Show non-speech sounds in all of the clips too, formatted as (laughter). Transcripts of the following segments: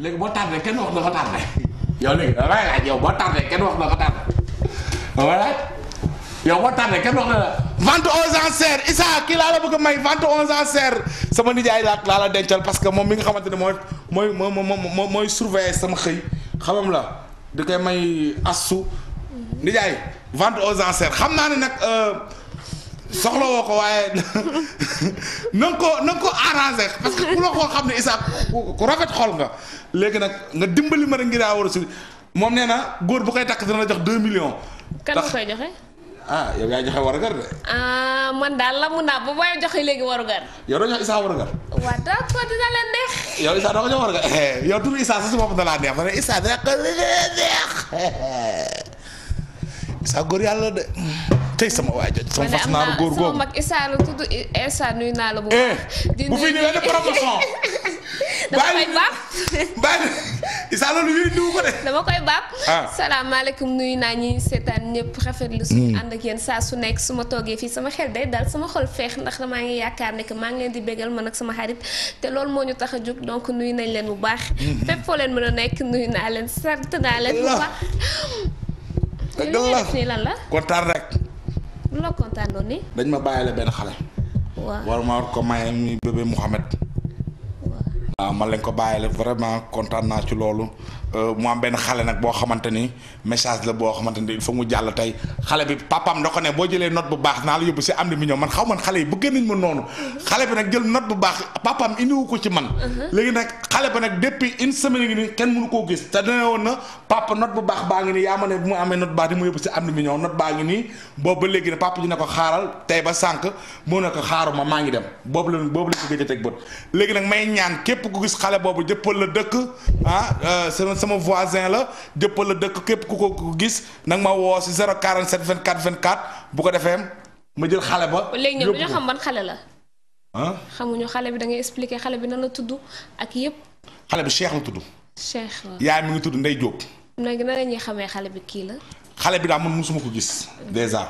léegi boo tardé kenn wax na ko tardé yow léegi damay laaj yow boo tardé kenn wax na ko tardé yow boo tardé kenn wax vingt onze ans serre Issa kii laa la bëgg may vingt onze ans serre sama nijaay laa laa la dencal parce que moom mi nga xamante ne mooy mooy mooy mooy surveiller sama xëy xamam la di koy may assu nijaay vingt onze ans serre xam naa ne nag. Euh, soxla woo ko waaye na nga ko na nga ko arrangé parce que ku la xool xam ne Issa ku rafet xol nga léegi nag nga dimbali ma a ngi daa war a suli moom nee na góor bu koy takk dina la jox 2 millions. kan nga koy joxe. ah yow yaa ah, man daal lamu naa ba booy joxe léegi warugar. yow doo jox Issa warugar. waaw d'accord dina leen neex. yow Issa doo ko jox eh, si bopp da laa neex ma ne Issa dina ko neex Issa góor yàlla de. tey sama waa jooju sama fas naaru góor góor sama mag Issa tudd Issa nuyu naa la bu eh, (laughs) (laughs) dama koy baab bàyyi Issa loolu naa ñi seetaan ñëpp rafetlu suñu hmm. ànd ak yéen saa su nekk su ma toogee fii sama xel day dal sama xol feex ndax maa ngi yaakaar ne que maa ngi leen di bégal ma nag sama xarit te loolu moo ñu tax a jóg donc nuyu nañ leen bu baax. Hmm. fépp foo leen mën a nekk nuyu naa leen sant naa leen bu baax. dëgg la li lan kontaan rek. lu la kontaan loon nii. dañ ma bàyyile benn xale. waaw war ma war ko maye muy bébé Mouhamed. waaw man lañ ko bàyyi la vraiment kontaan naa ci loolu euh, mu am benn xale nag boo xamante ni message la boo xamante ni il faut mu jàll tey xale bi papaam da ko ne boo jëlee not bu baax naa la yóbbu si am di mi ñëw man xaw man xale yi bëgg nañ ma noonu xale bi nag jël note bu baax papaam indiwu ko ci man uh-huh. léegi nag xale ba nag depuis une semaine ngi ni kenn mënu koo gis te dane woon na papa note bu baax baa ngi nii yaa ma ne mu amee note bu baax di ma yóbbu si am di mi ñëw note baa ngi nii boobu ba léegi ne papa ne ko xaaral tey ba sànq mu ne ko xaaruma maa ngi dem boobu la boobu la si a teg bët léegi nag may ñaan képp képp gis xale boobu jëppal la dëkk ah euh, sama voisin la jëppal la dëkk képp ku ko ko gis nag ma woo si 047 vingt 24 bu ko defee ma jël xale ba. léegi ñoom dañoo xam ban xale la. ah xamuñu xale bi da ngay expliquer xale bi nan la tudd ak yëpp. xale bi Cheikh la tudd. Cheikh waaw yaay mi ngi tudd ndey Diop. léegi nan la ñuy xamee xale bi kii la. xale bi daal man mosuma ko gis. dèjà.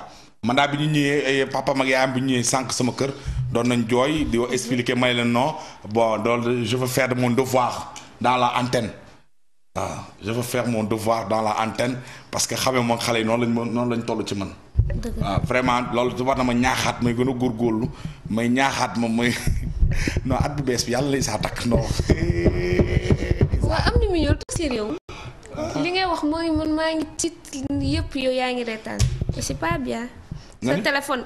mandat bi ñu eh, papa mag yaam bi ñëwé sank sama kër doon nañ joy di expliquer may leen non bon loolu je veux faire mon devoir dans la antenne ah je veux faire mon devoir dans la antenne parce que xamé mo xalé non non lañ ma lañ ci man. waaw ah, vraiment loolu war na ma ñaaxat may gëna a góorgóorlu may ñaaxat moom may (laughs) non at bu bees bi yalla lay sa tak non. (laughs) wa am ni million tout sérieux li ngay wax moy man maa ngi tiit yëpp yow yaangi rétane c'est pas bien. sa téléphone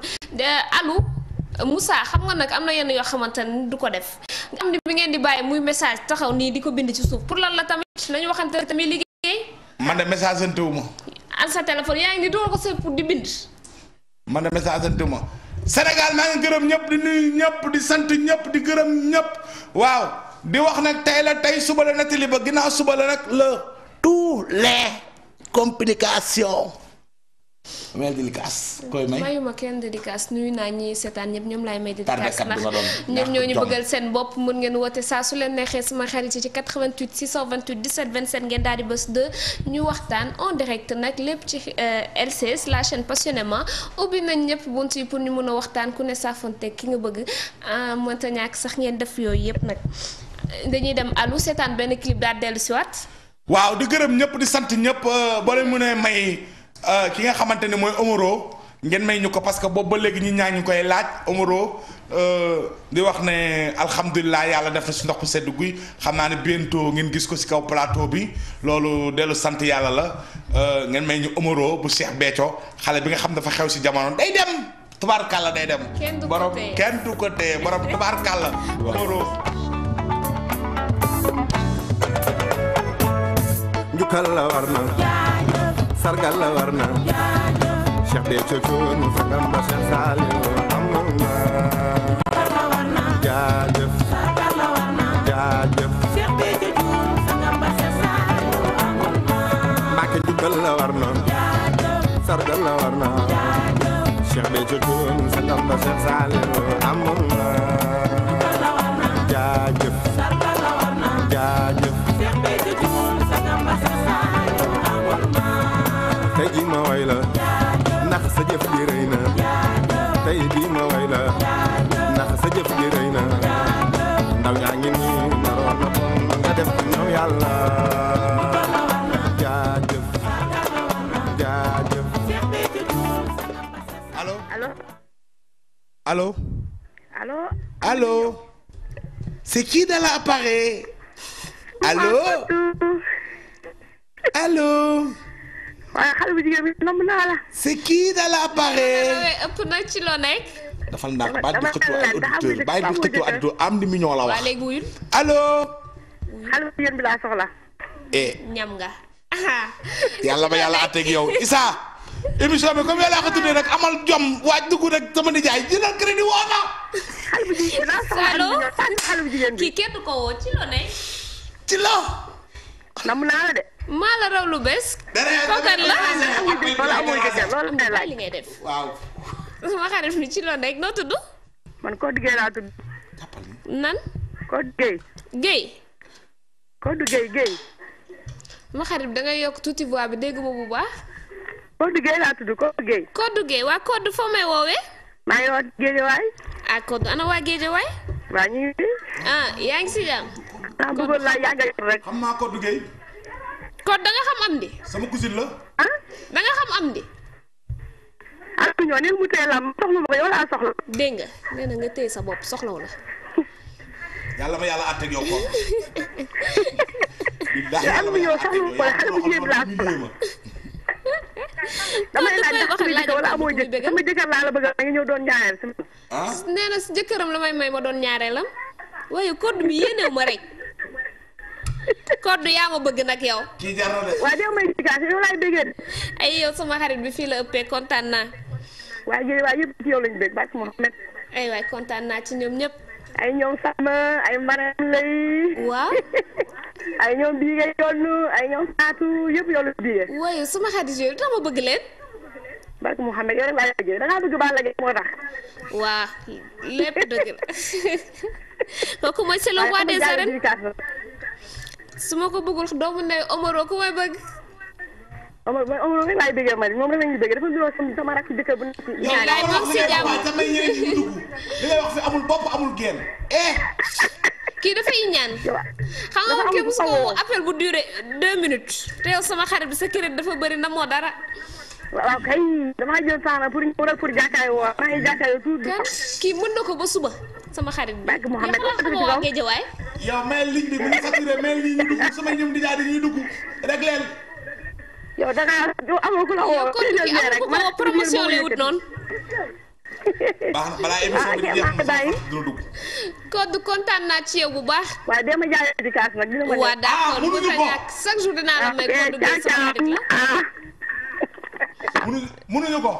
allo Moussa xam nga nag am na yenn yoo xamante ne du ko def am ni bi ngeen di bàyyi muy message taxaw nii di ko bind ci suuf pour lan la tamit nañu waxante tamit liggéey. man de message sante wu ma. an sa téléphone yaa ngi ni doon ko sa pour di bind. man de message sante wu Sénégal maa ngi gërëm ñëpp di nuyu ñëpp di sant ñëpp di gërëm ñëpp waaw di wax nag tey la tey suba la nettali ba ginnaaw suba la nag la tous les complications. mel dédicace koy may mayuma kenn dédicace nuyu naa ñi seetaan ñëpp ñoom laay may dédicace ndax ñoom ñoo ñu bëggal seen bopp mun ngeen woote saa su leen neexee sama xarit yi ci ngeen daal di bés ñu waxtaan en direct nag lépp ci euh, LCS la chaîne passionnément ubbi nañ ñëpp bunt yi pour ñu mën a waxtaan ku ne saafonte ki nga bëgg euh, mënta ñàkk sax ngeen def yooyu yëpp nag dañuy dem alu seetaan benn clip daal dellu si waat waaw di gërëm ñëpp di sant ñëpp euh, boo mu mënee may Euh, ki nga xamante ne mooy Omaro ngeen may ñu ko parce que boobu ba léegi ñi ñaa ñu koy laaj Omaro euh, di wax ne alhamdulilah yàlla def si ndox bu sedd guy xam naa ne bientôt ngeen gis ko si kaw plateau bi loolu dellu sant yàlla la euh, ngeen may ñu Omaro bu Cheikh Béthio xale bi nga xam dafa xew si jamono day dem tubaarkàlla day dem. kenn du ko te borom kenn du ko téye la war na. sargal la war na Cheikh de cocoon mu sangam ba Cheikh Saliou am na jaajëf jaajëf Mbàkke jukkal la war na sargal la war na Cheikh de cocoon mu sangam ba Cheikh Saliou am na Allô Allô Allô C'est qui dans l'appareil Allô Allô C'est qui dans l'appareil la wax eh (laughs) émission bi comme yalla ko tuddé rek amal jom waj duggu rek sama nijaay jëlal crédit woo ma. allo xale bu kenn ko ci lo ne. ci lo. namu na la de. ma la raw lu ko kan la wala waaw. sama xarit ni ci lo no tuddu man ko la tuddu nan. Codé gay Gueye. Codé Gueye gay ma xarit da nga yok tuuti voix bi dégg bu baax. Kodou Gueye laa tudd Kodou Gueye. Kodou Gueye waa Kodou foo may woowee. maa wa woon Géejawaay. ah Kodou ana waa Géejawaay. waa ñu ngi ah yaa ngi si jàmm. ah bëggoon laa yàggal rek. xam naa Kodou Gueye. da nga xam am di. sama cousine la. ah da nga xam am di. ah ñoo ne mu teel soxla ma ko yow laa soxla. dégg nga nee na nga téye sa bopp soxlaw la. yàlla ma yàlla yow (laughs) ko. yàlla ma yàlla yow yàlla ma yàlla yow dama ne naan jëkkër amoo jëkkër sama jëkkër laa la bëgg a ngi ñëw doon ñaareel si man. Ah. Ah. nee na si jëkkëram la may may ma doon ñaareelam waaye code mi yéenew ma rek code yaa ma bëgg nag yow. kii jar na de. waaye yow may explication yow ay sama xarit bi fii la kontaan naa. waaye yéen waaye yëpp ci yow lañu bëgg bàcc ma ay waay kontaan naa ci ñoom ñëpp. ay ñoom sama ay mbaram lay (laughs) waaw ay ñoom bii nga yonn ay ñoom saatu yëpp yow la bii waaye iya, sama xarit yooyu tax ma bëgg leen barke Mouhamed iya, lagi, rek laa bëgg da ngaa bëgg Balla Gaye moo tax waa lépp dëgg la kooku moom rek dafa nuyoo sama amul amul eh. ñaan xam nga képp ko appel bu duré deux minutes sama xarit bi sa crédit dafa bëri na moo dara. waaw kay damaa jël temps pour ñëw rek pour jàkkaayoo waaw maa ngi kan mën ba suba sama xarit bi. barke Mouhamed yow xam nga waa Géejawaay. mel ligne bi mu saturé mel ñu dugg sama di jaay dañuy dugg rek leen. yow da ngaa du amoo ku la woo. rek man promotion lay wut noonu. baax ah, kontaan naa ci yow bu baax. waaw dama jaay éducation nag dina ah, ah, may Codou de sama xarit la. mënuñu ko.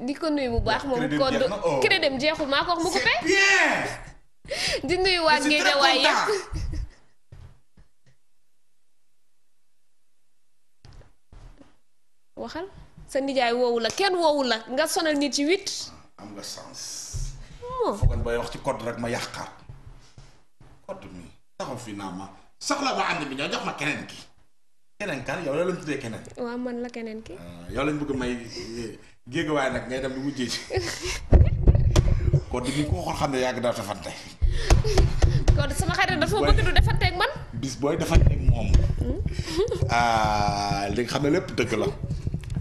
di ko nuyu bu baax moom Codou crédit oh. jeexul maa ko wax mu ko fay. (laughs) di nuyu waa Guédiawaye yëpp. waxal sa nijaay woowu la kenn woowu la nga sonal nit ci huit. am nga sens. Oh. foogoon bay wax ci code rek ma yàqaat code mi naa ma soxla ma ànd bi ñoo jox ma keneen ki keneen kan yow lañ tuddee man la keneen ah, yow lañ bëgg may eh, géeg waaye nag ngay dem di mu ci (laughs) code bi ko xool xam ne yàgg daal defante. code sama xarit dafa bëgg du defanteeg man. bis booy defanteeg moom. Hmm? Ah, li xam ne lépp dëgg la.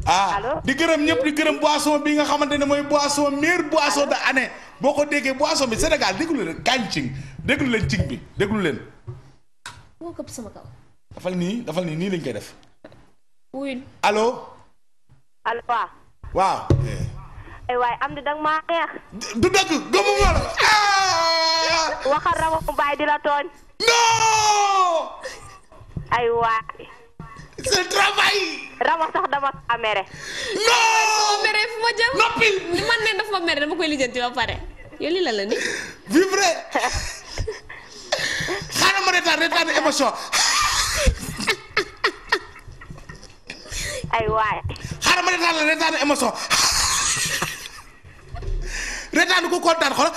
ah di gërëm ñëpp di gërëm boisson bi nga xamantene moy boisson meilleure boisson da année boko déggé boisson bi Sénégal déglu le kancing déglu le cing bi déglu len moo këpp sama kaw. dafal nii dafal ni ni lañ koy def. wuy. allô allô wa wa eh, ay way am di dag ma xex du dag gëmu ma la. Ah! waxa rawa bay di la tooñ. non. ay way c'est travail. rama sax dama kaa non dama mere jëm. noppi li man ne dafa ma dama koy lijjanti ba la la ni. vivre. (laughs) xaaral ma retaan retaan émotion. ay waay. xaaral ma retaan la retaan émotion. retaan ko kontaan xol.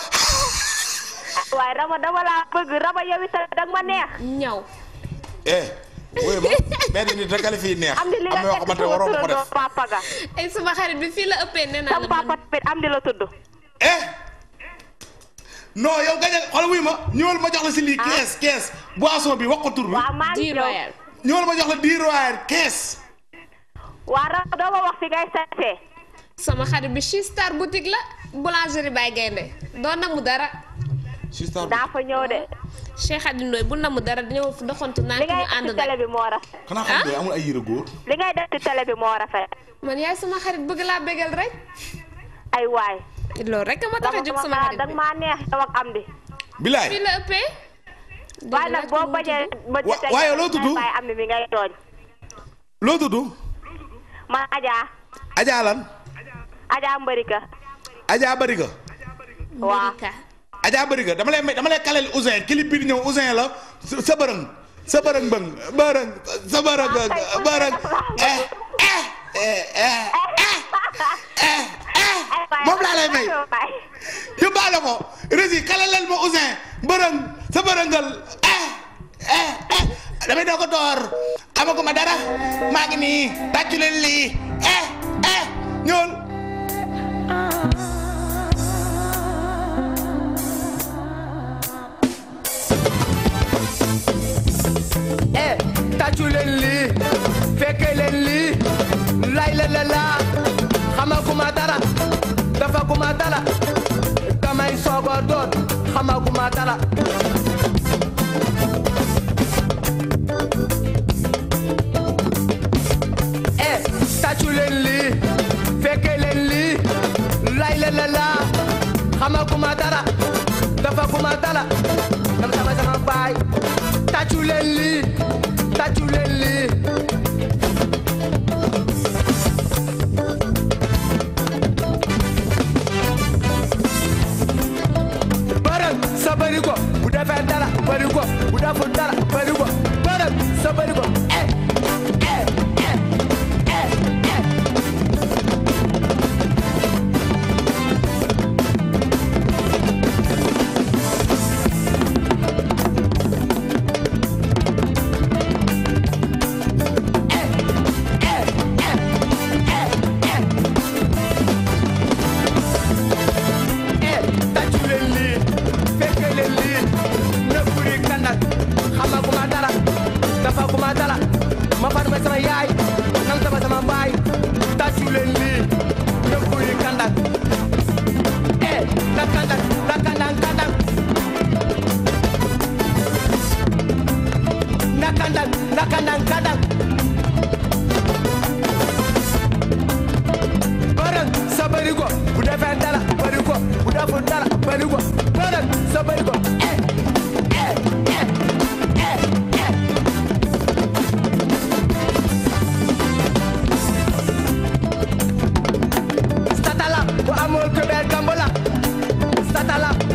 waay rama dama laa bëgg rama yow itam dag ma neex. ñaw. eh oui ba benn nit rek la fiy neex. am na yoo xamante waroo ko def papa ga. ay sama xarit bi fii la ëppee nee naa papa eh, eh? non yow gañ xool wuy ma ñëwal ma jox la si lii. Ah. kees kees boisson bi wax ko tur bi. waaw maa ngi ñëw ñëwal ma jox la dix royal kees. waa ra doo ma wax fi boutique la boulangerie Baye Gaynde doo nangu dara. Chistar daa fa ñëw de. Cheikh Adi Ndoye bu namu dara dañoo doxantu naa ki ñu ànd télé bi moo rafet xanaa xam ne amul ay yére góor li ngay def ci télé bi moo rafet man yaay sama xarit bëgg laa bégal rek ay waay loolu rek ma tax a sama xarit bi maa neex yow am di bilaay bi la ëppee ma am ngay lan Mbarika Mbarika Adja Bariga dama lay may dama lay kaleel ñëw Ousin la sa bërëng sa bërëng bëng bërëng sa bërëng bërëng eh eh eh moom laa lay may yóbbaale ko rési kaleel ma Ousin bërëng sa bërëngal eh eh eh damay doo ko door amaguma dara maa ngi nii tàccu leen lii eh, eh. ñool eh tàccu leen lii fekke leen lii lay la e eh, la dara dafaguma dara damay soog a doon dara eh tàccu leen lii fekke leen lii lay la dara dafaguma dara tàccu leen lii tàccu leen lii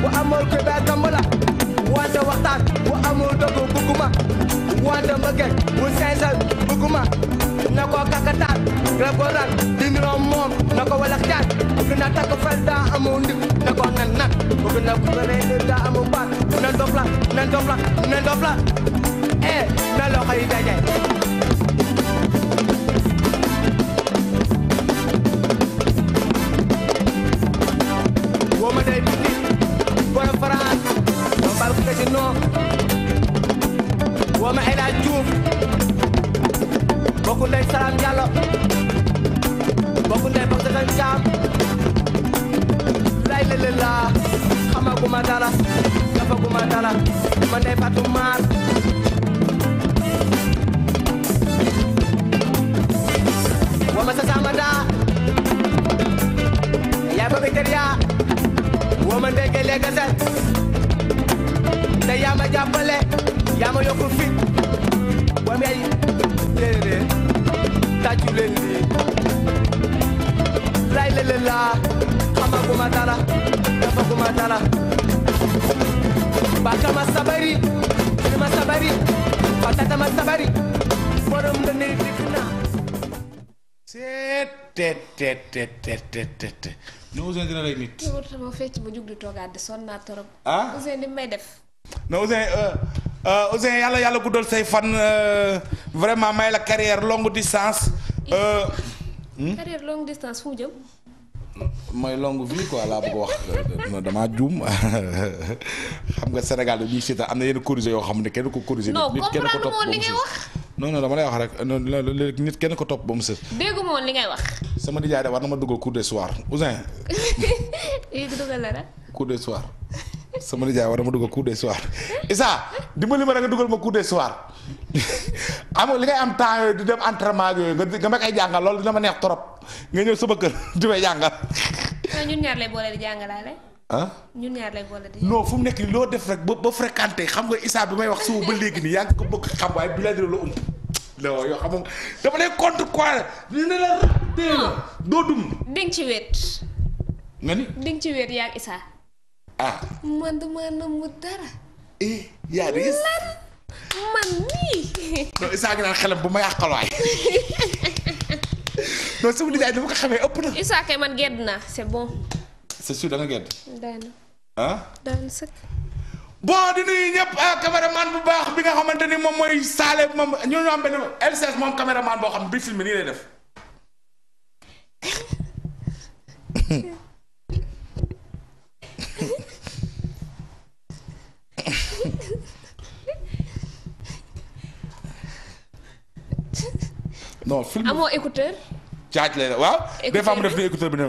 bu amoon koy baa gàmm la wante waxtaan bu amul dogu bëgguma wante mbëggeel bu sincère bëgguma na ko kakataan rab ko ran di niroom moom na ko walax jaar bëgg takk fel daa amul ndig na ko nan nan bëgg na ku daa amul baat na dof la na dof la na eh, na loxo yi daje Ibrahima Diallo bokk ndey bokk sa tan jaam lay lële laa xamaguma dara defaguma dara ma ndey Fatou Maar wama sa sama daa yaa bëgg tër yaa wama ndey gele gase te yaa ma jàppale yaa ma yokku fit wam yaay déedéet tàccu leen lii lay la laa xamaguma dara dafaguma dara bakama sabari ma sabari patatama sabari borom nga ne dégg naa seet teet teet teet teet teet teet ne Ouzin dina rey nit. sama fecc ba jug di di sonn naa ah Ouzin li may def. non Ouzin Ouzin yàlla yàlla guddal say fan euh, vraiment may la carrière longue distance. Euh, hmm? carrière longue distance fu mu jëm. mooy longue vie quoi laa bëgg wax non damaa juum (laughs) xam nga Sénégal dañuy seetaan am na yenn corrigé yoo xam ne kenn ko corrigé. nit kenn ko topp moom li ngay wax. non non dama lay wax rek nit kenn ko topp ba mu sës. déggu li ngay wax. sama nijaay da war na ma dugal cours de soir Ouzin. (laughs) yéen dugal la rek. de soir. sama ni war na ma dugal coup de soir Issa dimbali ma da nga dugal ma coup de soir am li ngay am temps di dem entraînement ak yooyu nga may kay jàngal loolu dina ma neex trop nga ñëw sama kër di may jàngal. ñun ñaar lay boole di jàngalaale. ah ñun ñaar lay boole di. Nah, non fum mu nekk nii loo def rek ba ba fréquenté xam nga Issa bi may wax suba ba léegi nii yaa ngi ko oh. bëgg xam waaye bi laa dina la ump. non yoo xam dama lay contre quoi la dum. di ci wéet. nga ni ci Ah. teman mantu dara. Eh, yaa di Mami. lan man mii. non Issa ngi naan xelam bu ma yàqal waay. non sama nijaay dama ko xamee ëpp na. Issa kay man gedd naa c'est bon. c'est sûr da nga gedd. daana. ah. daan sëkk. bon di nuyu ñëpp caméraman eh, bu baax bi nga xamante ni moom mooy Salé moom ñoo ñu am benn eh, LCS moom caméraman boo xam bi film nii lay def. non film amoo écouteur. caaj lay la waaw. des fois mu def ni écouteur bi ne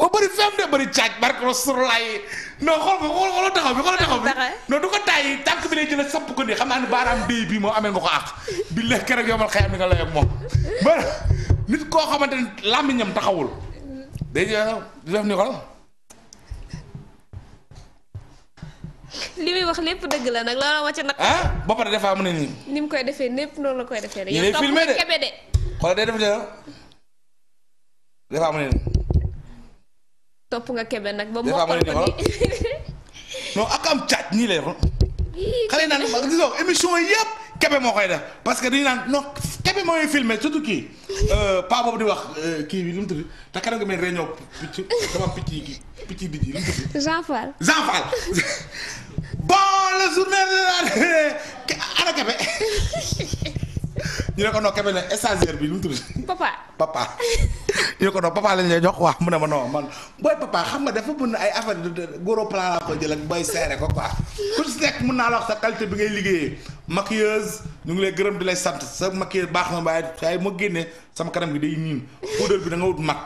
ba bëri fem de bëri caaj barke rasulullah yi non xool ko xooloo taxaw bi xooloo taxaw bi non du ko tàyyi tànk bi lay jëla sapp ko nii xam naa ne baaraam déy bii moom amee nga ko àq bi la keroog yomal nga lay moom ba nit koo xamante ne làmmiñam taxawul day def ni xool li muy wax lépp dëgg la nag looloo ma ci nag. ah ba pare dafa am ne nii. ni mu koy defee népp noonu la koy defee rek. yow topp nga kebe de. xoolal day def de dafa am ne nii. topp nga kebe nag ba mboq. dafa am ne nii (laughs) non ak am caaj nii lay wax. xale yi naan disons émission yëpp Kébé moo koy def parce que dañu naan non Kébé mooy filmé surtout kii euh, pa boobu di wax euh, kii bi lu mu tudd te kanam nga mel réunion picc sama picc yi kii picc yi lu Jean Fall Jean Fall. bon le journée de la ana Kébé. (laughs) ñu ne ko non Kébé ne stagiaire bi lu mu tudd. papa papa (laughs) ñu ne ko non papa lañ lay jox waaw mu ne ma non man booy papa xam nga dafa mën ay affaire goro plan laa ko jël ak booy seere ko quoi ku si naa la wax sa qualité bi ngay liggéeyee maquilleuse ñu ngi lay gërëm di lay sant sa maquillage baax na waaye waaye ma génnee sama kanam gi day niin poudre bi da nga wut mag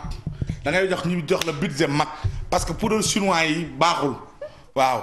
da ngay jox ñu jox la budget mag parce que poudre chinois yi baaxul waaw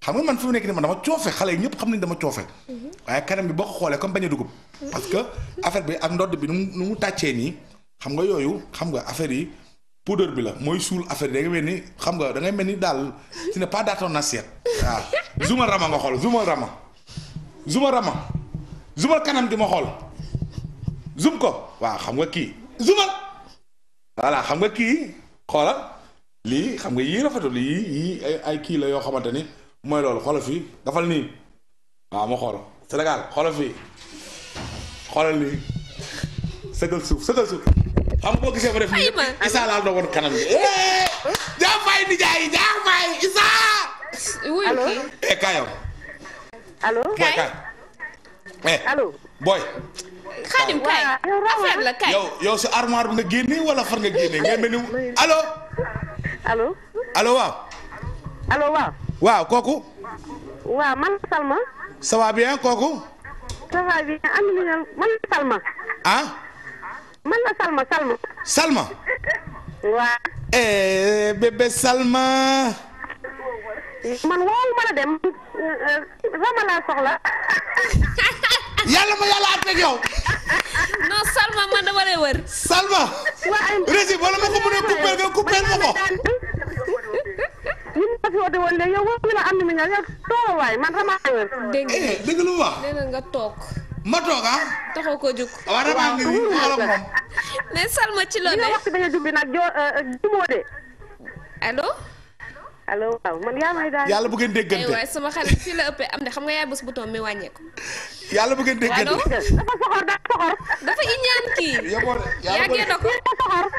xam nga man fi mu nekk nii ma dama coofe xale yi ñëpp xam nañ dama coofe. waaye kanam bi boo ko xoolee comme bañ a dugub. parce que affaire bi ak ndodd bi nu nu mu tàccee nii xam nga yooyu xam nga affaire yi poudre bi la mooy suul affaire yi da mel ni xam nga dangay mel ni daal ce n'est pas dans ton assiette. waaw zuma rama nga xool zuma rama zuma rama zuma kanam gi ma xool zum ko waaw xam nga kii zuma voilà xam nga kii xoolal lii xam nga yii rafetul yii yii ay kii la yoo xamante ni. mooy loolu xoolal fii dafal nii waaw ma xool Sénégal suuf sëgal suuf xam nga boo gisee ma def nii yëpp Issa laal na woon kanam bi eh! jaa fay ni jaay jaa fay Issa. allo eh Kaayam. allo Kaay eh, la Kaay. yow yow sa armoire bi wala far nga génnee ngay mel ni (laughs) allo. allo. allo waaw. waaw kooku. waaw man Salma. sa va bien kooku. ça va bien Amina man la Salma. Ah? man la Salma Salma. Salma. waaw. eh bébé Salma. man woowu ma la dem. Rama euh, laa soxla. (laughs) yàlla ma yàlla àtte ak yow. non Salma man dama lay wër. Salma. waaw Régis wala ma ko mënee couper nga couper ma ko. li ma fi woote woon léegi am na ñaar yow man sama ayoo. dégg eh, na toog. ma toog ah. taxaw ko jóg. waaw waaw ci loolu. li nga nag joo euh, euh, jumoo de. allo. man yaa may daal. yàlla bu ngeen déggante eh, aywa sama xarit fii la ëppee am xam nga yaay mi wàññeeku. yàlla bu ngeen déggante allo. dafa soxor dafa iñaan kii. yàggee na ko.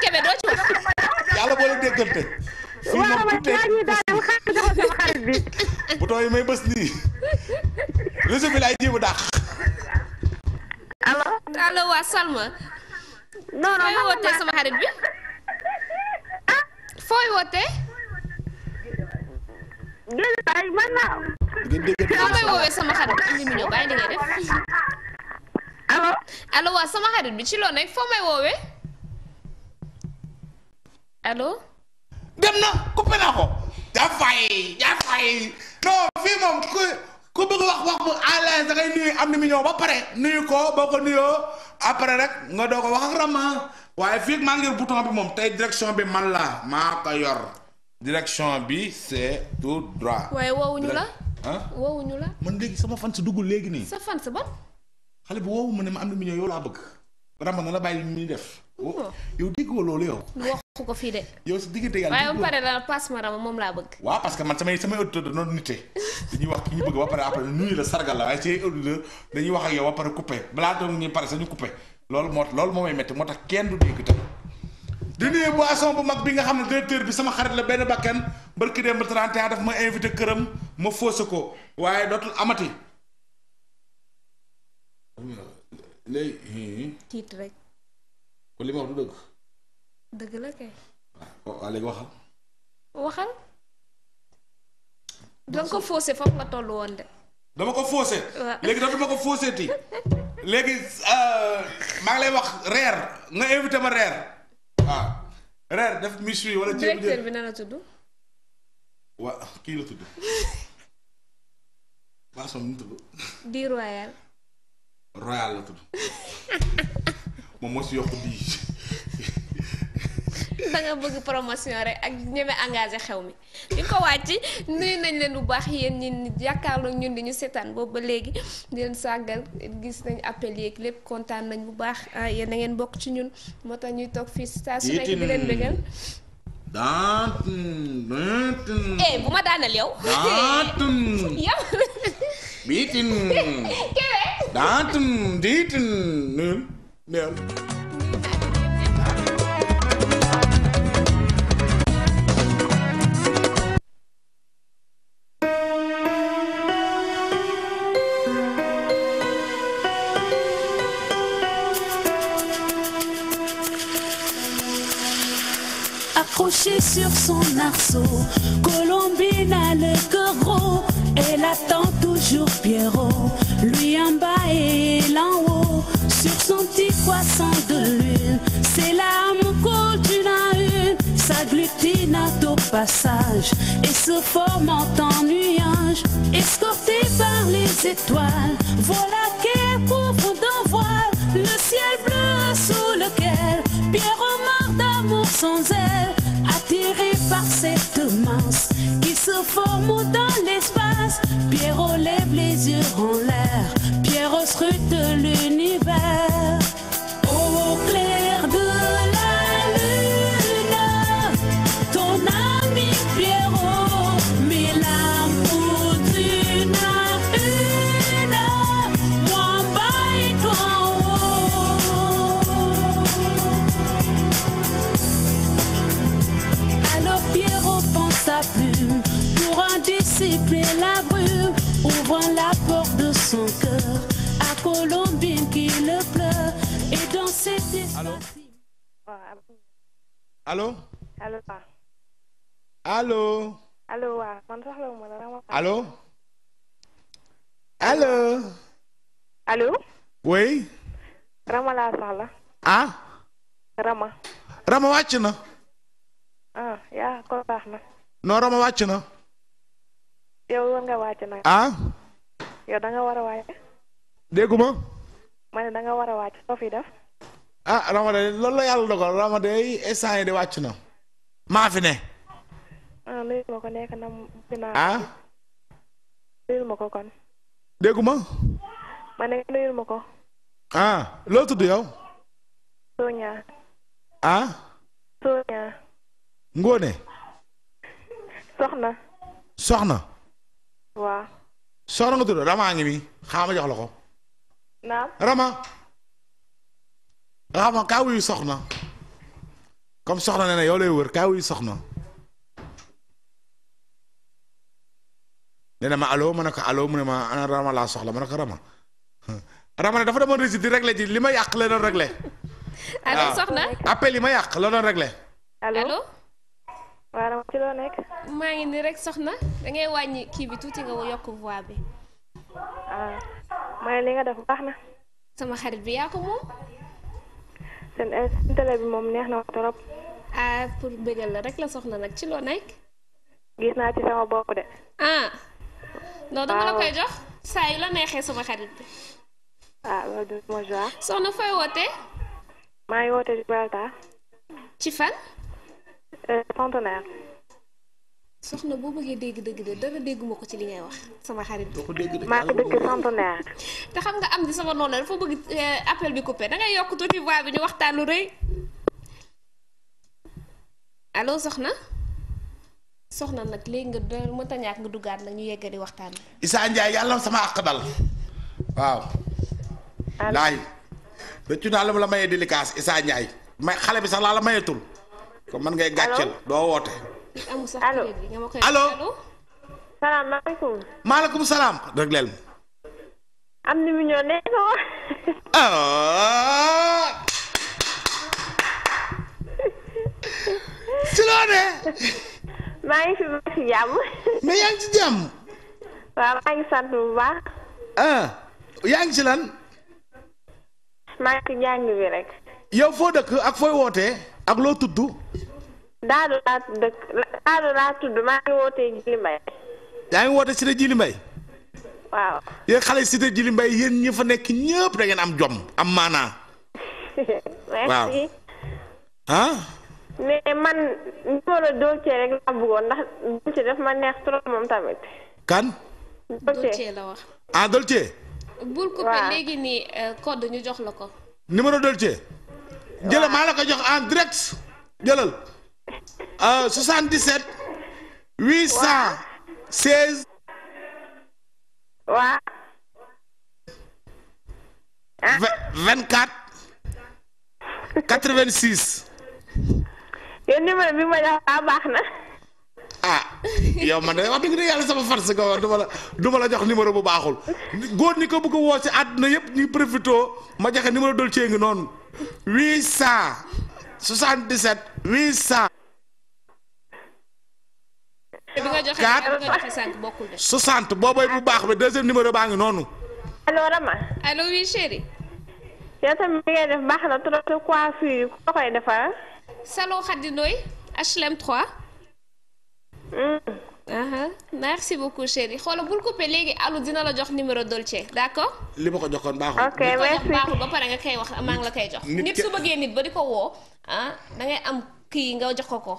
kebe doo ci wax. yàlla boo leen déggante. fii moom tuuti bu tooy may bës nii réseau bi laay jéem a dàq. allo allo waa Salma. fooy wootee sama xarit bi. Ah? fooy wootee. géej man woowee sama xarit bi indi mu ñëw bàyyi def. allo allo waa sama xarit bi ci loo nekk foo may woowee allo. dem na coupé na ko yaa fay yaa fay non fi mom ko ko bëgg wax wax bu à l'aise da ngay nuyu am na million ba paré nuyu ko boko nuyo après rek nga do ko wax ak rama waye fi ma ngir bouton bi mom tay direction bi man la ma ko yor direction bi c'est tout droit. waaye woowuñu la. ah woowuñu la. man légui sama fan si duggu légui ni sa fan sa bon xale bu woowu ma ne ma am na million yow laa bëgg. rama na la bàyyi li def. Oh. yow diggo lolé yow. fu ko fii de. yow si diggante yàlla waaye ba pare daal passe ma rama moom laa bëgg. waaw parce que man samay samay auditeurs dañoo nite dañuy wax ki ñu bëgg ba pare après nuyu la sargal la waaye say auditeurs dañuy wax ak yow ba pare coupé balaa doon ñu pare sax ñu loolu moo loolu moo may métti moo tax kenn du dégg tamit. di nuyu boisson bu mag bi nga xam ne directeur bi sama xarit la benn bakkan barki démb 31 daf ma invité këram ma fausse ko waaye dootul amati. léegi. tiit rek. kon li ma dëgg la kay. Ah, waaw waxal. waxal. danga ko faussé foofu nga toll woon de. dama ko faussé. waaw léegi dama ko faussé léegi euh, maa ngi lay wax reer nga invité ma reer. waaw ah, reer def miss yi wala. ceebu bi na la tudd. waa kii la tudd. (laughs) waa soxna mu di royal. royal la tudd (laughs) moom moo si yokk di. da nga bëgg promotion rek ak ñeme engagé xew mi di ko wàcc nuyu nañ leen bu baax yéen ñi jàkkaarloo ñun di ñu seetaan boobu ba léegi leen sàggal gis nañ appel yéeg lépp kontaan nañ bu baax ah, yéen da ngeen bokk ci ñun moo tax ñuy toog fii saa su di leen bëggal eh bu ma daanal yow (laughs) yow biitin (laughs) kewee daantun diitin neel sur son arceau. Colombine le cœur gros, elle attend toujours Pierrot. Lui en bas et elle en haut, sur son petit croissant de lune. C'est l'âme qu'on d'une à une, s'agglutine au passage et se forme en nuage, escorté par les étoiles. Voilà qu'elle couvre d'un voile le ciel bleu sous lequel Pierrot meurt d'amour sans elle qui se forment dans l'espace. Pierrot lève les yeux en l'air. Pierrot scrute dissiper la brume, ouvrant la porte de son cœur à Colombine qui le pleure et dans cette Allô? Allô? Ah. Allô? Allô? Ah. Allô? Allô? Allô? Allô? Oui? Rama la soxla. ah. Rama. Rama wàcc ah ya, ko No, non Rama wàcc yow war nga wàcc nag. ah. yow da war a wàcc. dégguma. ma ne da war a wàcc soo fi def. ah Ramade loolu la yàlla dogal Ramade instant yi di wàcc na. maa fi ah, ma ko nekk na mu. ah. léegi ma ko kon. ma ma ko. ah loo tudd yow. Sonia. ah. Sonia. Ngone. Soxna. Soxna. waaw. soxna nga tudd Rama ngi nii xaama jox la ko. naam Rama. Rama kaa wuyu soxna. comme soxna nee na yow lay wër kaa wuyu soxna. nee na ma allo ma ne ko allo mu ne ma ana Rama laa soxla ma ne ko Rama. (laughs) Rama ne dafa demoon rési di réglé ji li ma yàq la doon réglé. allo soxna appel yi ma yàq la doon réglé. waaw dama ci loo nekk. maa ngi nii rek soxna da ngay wàññi kii bi tuuti nga yokk voix bi. ah mooy li nga def baax na. sama xarit bi yaa ko moom. seen eh, bi moom neex na trop. ah pour bëggal la rek la soxna nag ci loo nekk. gis naa ci sama bopp de. ah. dama la ah. koy jox saa yu la neexee sama xarit bi. Ah, ma jox. soxna fooy wootee. maa ngi wootee Gibraltar. ci fan. Centenaire. Euh, soxna boobu bëggee dégg dëgg de dara dégguma ko ci li ngay wax sama xarit bi. maa ngi dëkk am di sama noonu dafa bëgg euh, appel bi coupé da ngay yokk tuuti voix bi ñu waxtaan lu rëy allo soxna. soxna nag léegi nga mënta ñàkk nga duggaat ñu waxtaan Issa Ndiaye yàlla sama àq dal waaw. laay rëccu naa la kon man ngay gàcceel doo woote. allo allo. salaamaaleykum. maaleykum salaam. rek leel ma. am na mu ñoo nekk ah! si loo ne. maa ngi fi jàmm. mais ngi ci jàmm. waaw maa ngi sant bu baax. Ah! yaa ngi ci lan. maa ngi ci jàng bi rek. yow foo dëkk ak fooy wootee. ak loo tudd. Daadu laa dëkk Daadu laa tudd maa ngi wootee Jili Mbay. yaa ngi woote Cité Jili Mbay. waaw yéen xale Cité Jili Mbay yéen ñi fa nekk ñëpp da ngeen am jom am maanaa. (laughs) waaw merci. ah. mais man numéro Dolce rek laa bëggoon ndax Dolce daf ma neex trop moom tamit. kan. Dolce la wax. ah Dolce. bul coupé léegi nii euh, code ñu jox la ko. numéro Dolce. jëlal maa la ko jox en direct jëlal. ah 77. 816. waaw. ah. 24. 86. yow numéro bi ma jox ah baax na. ah yow man de wax dëgg yàlla sama farce nga wax du ma la du ma la jox numéro bu baaxul góor ñi ko bëgg a woo ci àdduna yëpp ñu profité ma joxe numéro Dolce ngi noonu 800 77 800. 4 60 boobooy bu baax ba deuxième numéro baa ngi noonu. allo Rama. allo oui chérie. yow tamit mi na trop te coiffure yi ko koy defar. salon Khady Ndoye HLM 3. Hmm. merci beaucoup chérie xoolal bul coupé léegi alu dina la jox numéro Dolce d' li ma ko joxoon baaxul. ok merci baaxul ba pare nga koy wax maa ngi la koy jox. nit su bëggee nit ba di ko woo ah am kii nga jox ko ko.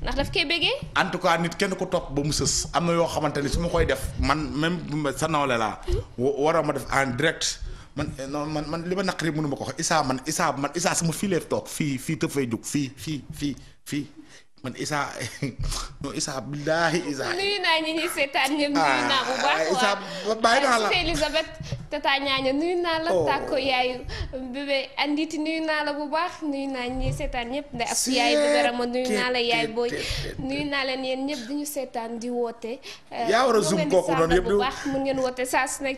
ndax daf koy bëggee. en tout cas nit kenn ko topp ba mu sës am na yoo xamante ni su ma koy def man même sa nawle laa. Hmm? waroo ma def en direct. man eh, non man man li ma naqari mënu ma ko wax issaa man Issa man Issa sama fii lay toog fii fii tëb fay jug fii fii fii fii. man Issa (laughs) non Issa billaahi Issa. nuyu naa ñi ñuy seetaan ñëpp nuyu ah, naa bu baax. waaw Issa bàyyi naa la waaw Elisabeth Tata nuyu naa la. Oh. tàkko yaayu bébé Anditi nuyu naa la bu baax nuyu naa ñi ñuy seetaan ñëpp. nda ak yaay bébé Rama nuyu naa la yaay booy. nuyu naa leen yéen ñëpp di ñu seetaan di woote. Euh, yaa war a zoom kooku noonu yëpp bu baax mun ngeen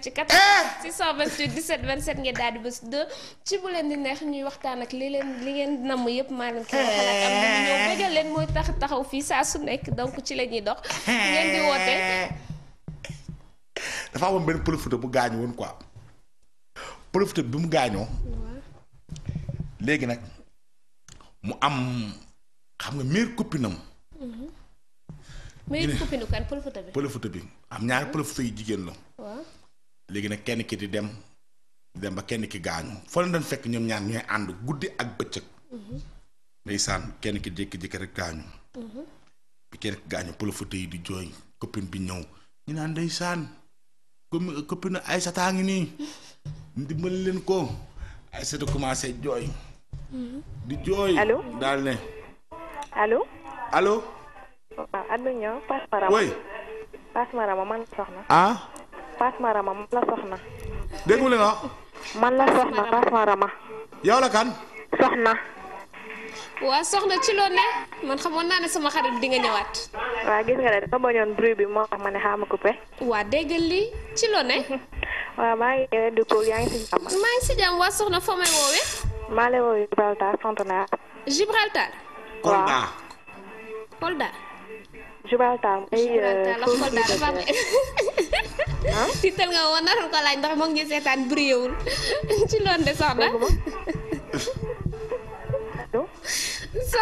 ci 14. 628 17 27 ngeen daal di bés 2 ci bu leen di neex ñuy waxtaan ak li leen li ngeen namm yëpp maa leen koy waxal ak am na ñëw leen mooy tax taxaw fii saa su nekk donc ci la ñuy dox. ngeen di woote. (laughs) dafa bu gaañu woon quoi pëlëfute bi mu gaañoo. léegi nag mu am xam nga meilleure copine am. Mm-hmm. meilleure copine kan pëlëfute bi. pëlëfute bi am ñaari pëlëfute yu jigéen la. léegi nag kenn ki di dem. dem ba kenn ki gaañu fa la doon fekk ñoom ñaar ñooy ànd guddi ak bëccëg. Mm-hmm. ndeysaan kenn ki jékki-jékki rek gaañu. bi mhm. kenn ki gaañu pëlëfute yi di jooy copine bi ñëw ñu naan ndeysaan comme copine Aysata ngi nii ndimbali leen ko Aysata commencé jooy. Mhm. di jooy. allo daal ne. Ah, allo. allo. waaw Adama Passe Marama. oui. Passe Marama man la soxna. ah. Passe la nga man la soxna Passe ah? Marama. yow la soxna. waa soxna ci loo ne man xamoon naa ne sama xarit di nga ñëwaat. waa gis nga ne dafa bañoon bruit bi moo tax ma ne xaaral ma waa dégg lii ci loo ne. (laughs) waa maa ko laaj ndax moo ngi seetaan bruyewul (laughs) ci loon de soxna.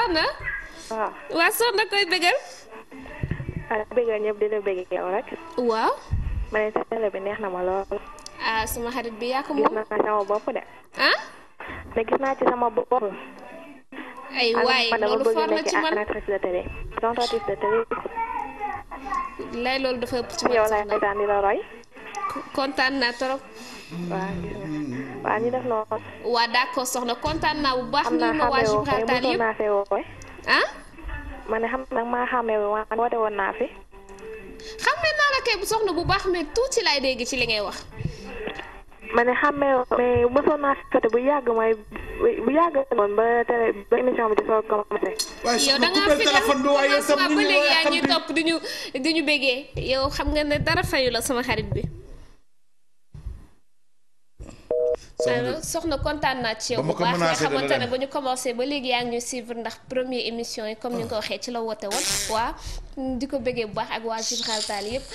soxna. waaw waa soxna koy bégal. ah bégal ñëpp di la bégg yow rek. waaw. ma ne télé na ma ah sama xarit bi yaa ko moom. gis naa sama bopp ah. ne gis ci sama bopp. ay waay loolu for na ci man lay ci man lay di la roy. waaw ñu def noonu. waa d'accord soxna kontaan naa bu baax. xam naa xamewoo kay woo eh? ah. ma ne xam nag maa xamee waa woon naa fi. bu baax mais tuuti laay dégg ci li ngay wax. ma ne xamee mais mosoon naa fi bu yàgg mooy yàgg noonu ba a commencé. bi waaye ñu ngi yow xam nga ne dara fayu la sama xarit bi. alors soxna kontaan naa ci yow bu baax nga xamante ba ñu commencé ba léegi yaa ngi ñu suivre ndax première émission yi comme ni nga ko waxee ci la woote woon waa di ko bëggee bu baax ak waa Gibraltar yëpp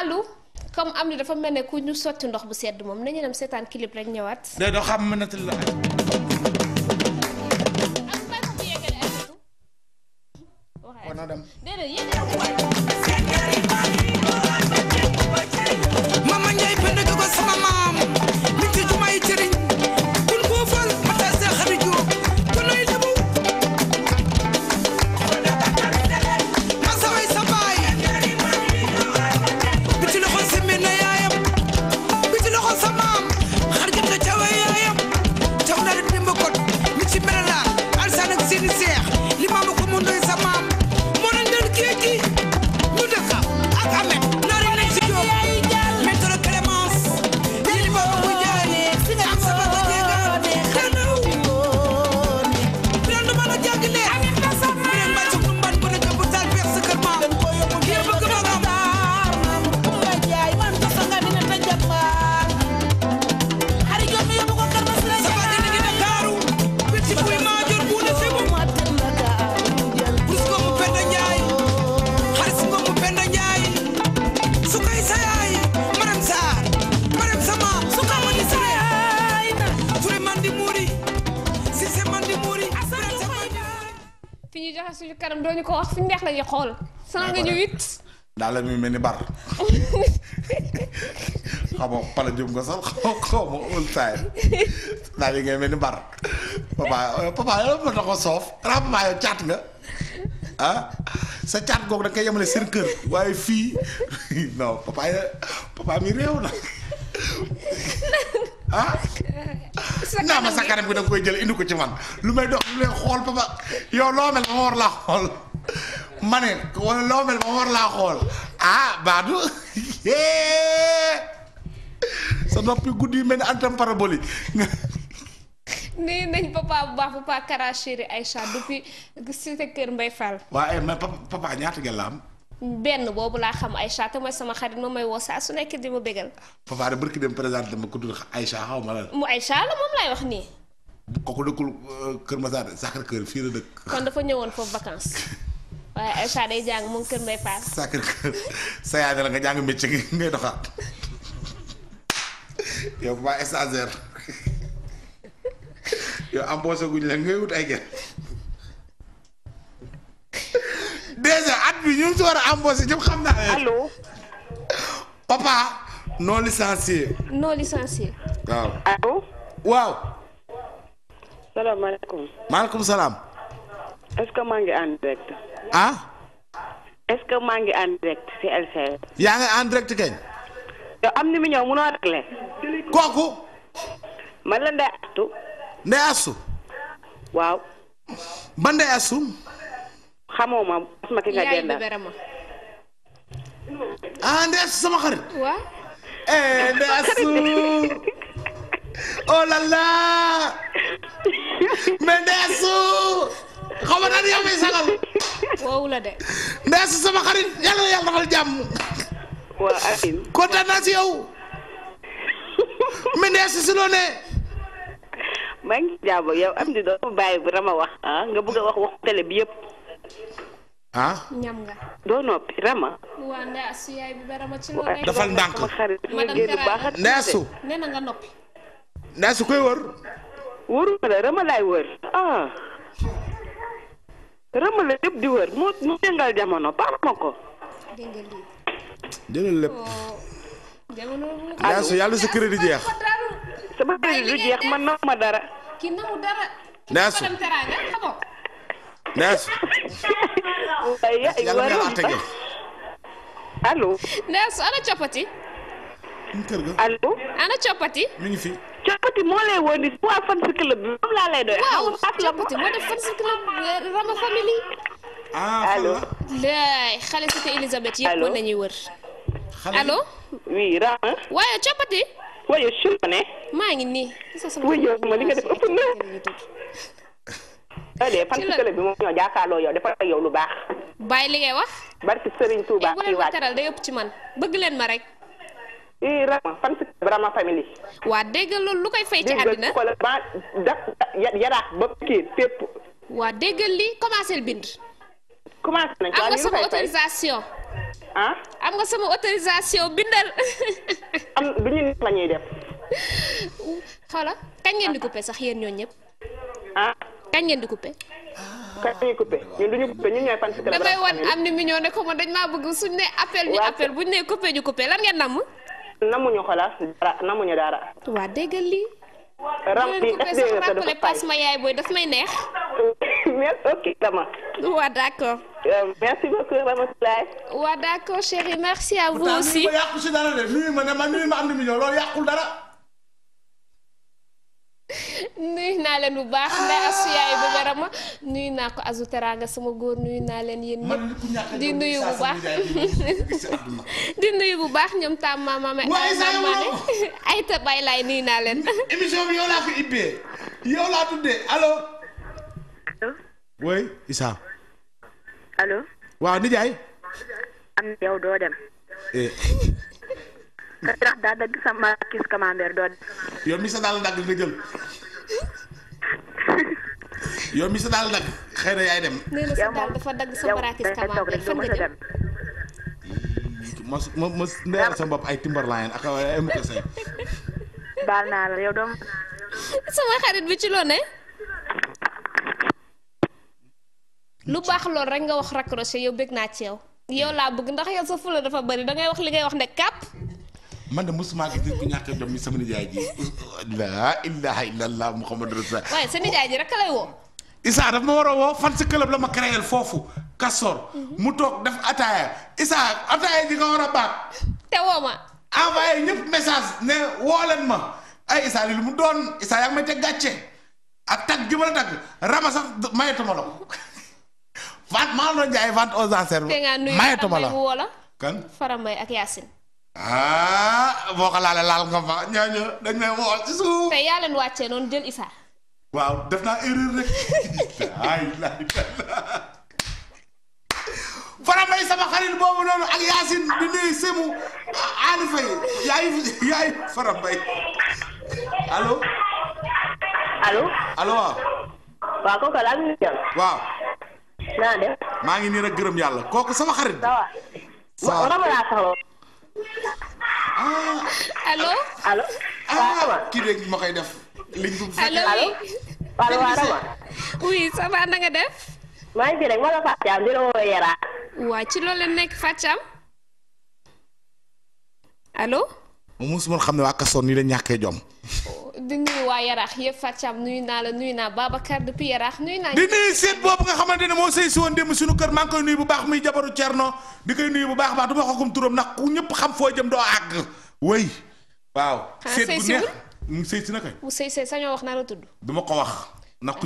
allo comme am na dafa mel ne ku ñu sotti ndox bu sedd moom nañu dem seetaan clip rek ñëwaat day doo xam mën la pale mel ni bar (laughs) xaw ma pale jëm nga sax xaw ma old time daal ngay mel ni bar papa papa yow ma taxaw soof ah, da nga koy yemale fii (laughs) non papa yow papa mi (laughs) ah? ma ko ci man lu may ma war laa xool. ah Badou (laughs) sa noppi guddi yu mel ni antenne parabolique. (laughs) nuyu nañ baax bu paa papa Kara Chéri Aïcha depuis cité Kër Mbaye Fall. waaye mais papa ñaata ngeen la am. benn boobu laa xam Aïcha te mooy sama xarit moom may woo saa su nekk di ma bégal. papa de barki dem présenté ma ku dul Aïcha xaw ma lan. mu Aïcha la moom laay wax nii. kooku dëkkul euh, Kër Masar Sacré Cœur fii la dëkk. kon dafa ñëwoon foofu vacances. (laughs) waaye Aïcha day jàng mu ngi kër mbay paas. sa kër kër sa yaay ne la nga jàng métier gi ngay doxaat yow bu baax stagiaire yow embauché guñ la ngay wut ay gerte at bi ñu ngi si war a embauché ñëpp xam naa ne. allo. papa non licencié. non licencié. waaw. allo. waaw. salaam. est maa ngi en direct. ah est-ce que ma ngi en direct ci LCS Ya nga en direct kañ Yo am ni mu ñëw rek lé. Koku. Ma la ndé atu. Ndé asu. waaw ba ndé asu. Xamoma ma ki nga ah ndé asu sama xarit Wa. eh ndé asu. oh la la. Mendesu. xaw ma nan yow may sagal. woowu de. ndey sama xarit yàlla na yàlla defal jàmm. kontaan naa si yow. mais ndey si si ne. maa ngi jàmm yow am di doo bàyyi bu rama wax. Ah, nga bëgg a wax waxu télé bi yëpp. ah. ñam nga. doo noppi rama. waa ndànk ma dem koy wër. wëru ma rama laay wër ah. rëmale lépp di wër moo mu jëngal jamono baax ma jëlal lépp. yaasu oh, yàlla sa crédit jeex. sama crédit du jeex man naw ma dara. ki dara. naasu naasu. yàlla na àtte ngeen. allo. ana coppati. allo. ana coppati. coppati moo lay ya, woon ni waa fan si club bi moom laa lay doy. waaw coppati moo def fan club ya, Rama family. ah allo. laay xale si te Elisabeth yëpp mën nañuy wër. allo. oui Rama. waaye coppati. waaye su ne. maa ngi nii. wuy yow li nga def ëpp na. loolu de fan si club bi moom ñoo jàkkaarloo yow ya. dafa yow lu baax. bàyyi li ngay wax. barki Serigne Touba. Eh, bu leen ma teral day ëpp ci man bëgg leen ma rek. i eh, vraiment fan si vraiment famille waa dégg loolu lu koy fay ci àddina ko la ba daf yaraax ba kii fépp waa déggal li commencé bind commencé nañ am nga sama autorisation ah am nga sama autorisation bindal am du ñu nekk la ñuy def (laughs) xoola kañ ngeen di coupé sax yéen ñoo ñëpp ah kañ ngeen di coupé kañ ñuy coupé ñun duñu coupé ñun ñooy fan si wan am ni mi ñoo ne dañ maa bëgg suñ ne appel ñu appel buñ ne coupé ñu coupé lan ngeen namm namuñu xalaas dara namuñu dara. waa déggal lii. rab bi SDE te dafa pass ma yaay booy daf may neex. (laughs) merci ok dama. waa d' euh, merci beaucoup Ramatoulaye. waa wa d'accord chérie merci à vous aussi. pourtant nuyu ma yàqu si dara de nuyu ma ne ma nuyu ma am million loolu yaqul dara. naa leen bu baax nday asu yaay bu garama nuyu naa ko asu teranga sama góor nuyu naa leen yéen ñëpp di nuyu bu baax (laughs) di nuyu bu baax ñoom tam maama ma ay ta bay lay nuyu naa leen (laughs) émission bi yow laa ko ibbee yow laa tuddee allo allo oui Issa allo waaw nijaay am na yow doo dem eh. (laughs) ka tax daa dagg sama kis camembert doo dem yow mi sa daal dagg nga jël yow mi sa daal dagg xëy yaay dem. nee sa daal dafa dagg sa baraakis kamaam fan nga dem. ma ma ma neeral sa bopp ay Timberline ak ay MTC. baal naa la yow doom. sama xarit bi ci loo ne. lu baax lool rek nga wax raccroché yow bëgg naa ci yow. yow laa bëgg ndax yow sa fula dafa bari dangay wax li ngay wax ne kàpp. man de mosuma gis nit ku ñàkk jom mi sama nijaay ji laa ilaha illallah muhammadu rasulullah waaye sa nijaay ji rek lay woo Issa daf ma war a woo fan si club la ma créé foofu Castor mhm. mu toog def ataaya Issa ataaya ji nga war a baat te woo ma envoyé ñëpp message ne woo leen ma ay Issa li lu mu doon Issa yaa ngi may teg gàcce ak tag gi ma la tag rama sax mayetuma la (laughs) vente maa la doon ak Yacine ah boo ko laalee laal nga ma ñooñu dañ may wool ci suuf. tey yaa leen wàccee noonu jël Issa. waaw def naa erreur rek. ay sama xarit boobu noonu ak Yacine di nuyu Sémou Aliou Faye yaay yaay Fara Mbaye allo. waaw. waaw kooku laa ngi jël. waaw. naa def. maa ngi nii rek gërëm yàlla kooku sama xarit. ça va. ah allo. allo. ah kii rek ma koy def. liñ bu fekkee allo allo def. maa ngi fi rek ma la Fatou waa ci loolu la nekk Fatou Thiam. allo. mu xam ne waa Kastoor nii la ñàkkee jom. di nuyu waa yaraax yëpp Fatou nuyu naa la nuyu naa Babacar depuis yaraax nuyu naa. di nuyu seet boobu nga xamante ne moo sëy si woon démb suñu kër maa ngi koy nuyu bu baax muy jabaru Cerno di koy ma xookum turam ndax ku ñëpp xam foo jëm ah, mm, la tudd. du ko wax ndax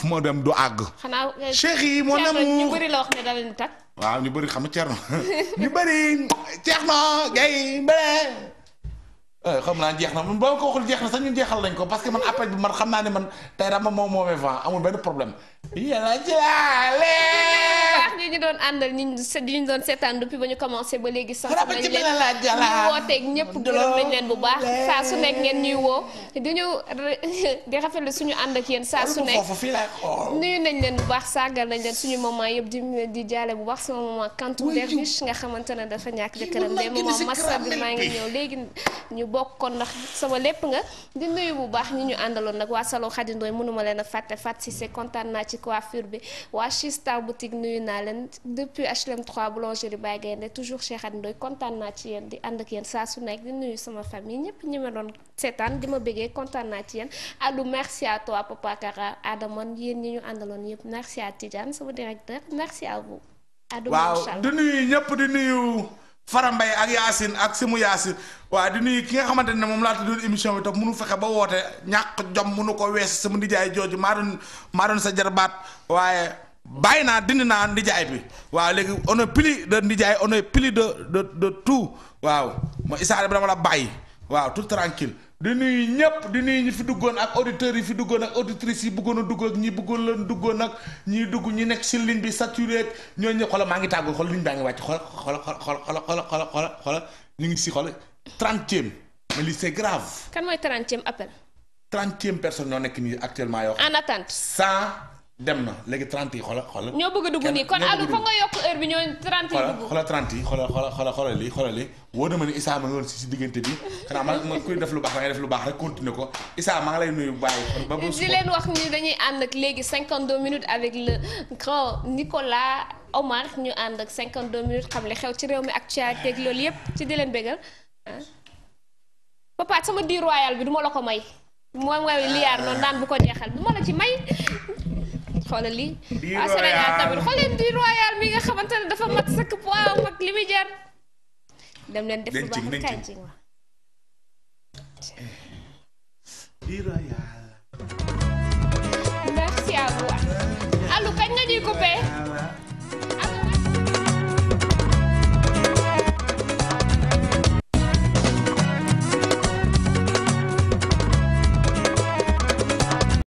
ku ma dem doo àgg. xanaa eh, Cheikh yi moo namu ñu bëri la wax ne dala ñu tag. waaw ñu bëri xam Cerno (laughs) ñu bëri Cerno Euh, xam naa jeex na man boo ko waxul jeex na sax ñun jeexal nañ ko parce que man appel bi man xam naa ne man tey rama moom moomee vent amul benn problème yàlla jaale. ñi ñu doon àndal ñi ñu doon seetaan depuis ba ñu commencé ba léegi sax. rabat ci mel la jala ñu ñëpp gërëm leen bu baax. saa su nekk ngeen ñuy woo di ñu (laughs) di rafetlu suñu ànd ak yéen saa su nekk. nuyu nañ leen bu baax sàggal nañ leen suñu moment yëpp di di jaale bu baax sama moment Kantou Derviche nga xamante ne dafa ñàkk jëkkëram de moment massa bi maa ngi ñëw léegi ñu bokkoon ndax sama lépp nga di nuyu bu baax ñi ñu àndaloon nag waa Salon Khady Ndoye mënuma leen a fàtte fàtte si kontaan naa ci ci coiffure bi waa Chista boutique nuyu nalen depuis HLM 3 boulangerie Baye toujours Cheikh At Ndoye kontaan ci yene di and ak yene sa su nek di nuyu sama famille ñep ñi ma doon seetaan di ma bëggee kontaan naa ci yene Adou merci à toi Papa Kara Adama yene ñi ñu andalon yëpp merci à Tidiane sama directeur merci à vous. Adou wow. di nuyu ñep di nuyu. Farambay ak Yacine ak Simu Yacine waaw di nuyu ki nga xamante ne moom laa tuddoon émission bi toog munu fexe ba woote ñàkk jom mënu ko wees sama ndijaay jooju maa doon maa doon sa jarbaat waaye bàyyi naa dindi naa ndijaay bi waaw léegi on est de ndijaay on est plus de de de tout waaw mooy Issa dama la bàyyi waaw tout tranquille di nuyu ñëpp di nuyu ñi fi duggoon ak auditeurs yi fi duggoon ak auditrices yi bëggoon a dugg ak ñi bëggoon leen duggoon ak ñiy dugg ñi nekk si ligne bi saturé ak ñooñu ñëpp xoolal maa ngi tàggoo xool ligne baa ngi wàcc xool xool xool xool xool xool ñu ngi si xool trentième mais lii c'est grave. kan mooy trentième appel. trentième personne ñoo nekk nii actuellement yoo. en attente cent. dem na léegi 30 yi xoolal xoolal. ñoo bëgg a dugg nii kon Aliou fa nga yokk heure bi ñoo 30 yi dugg xoolal 30 yi xoolal xoolal xoolal lii xoolal lii wóor na woon si diggante bi xanaa man kuy def lu baax da ngay def lu baax rek continuer ko Issa a ngi lay nuyu bàyyi. ba di leen wax ni dañuy ànd ak léegi 52 minutes avec le grand Nicolas Omar ñu ànd ak 52 minutes xam li xew ci réew mi actualité ak loolu yépp ci di leen bégal ah. papa sama di bi du ma la ko may. moom nga liyaar bu ko jeexal ci may. xoolal lii. diiroyaal Sénégal tamit xool leen diiroyaal mi nga xamante ne dafa mat sëkk poids ak li muy jar. dem leen def lu baax la kaay ci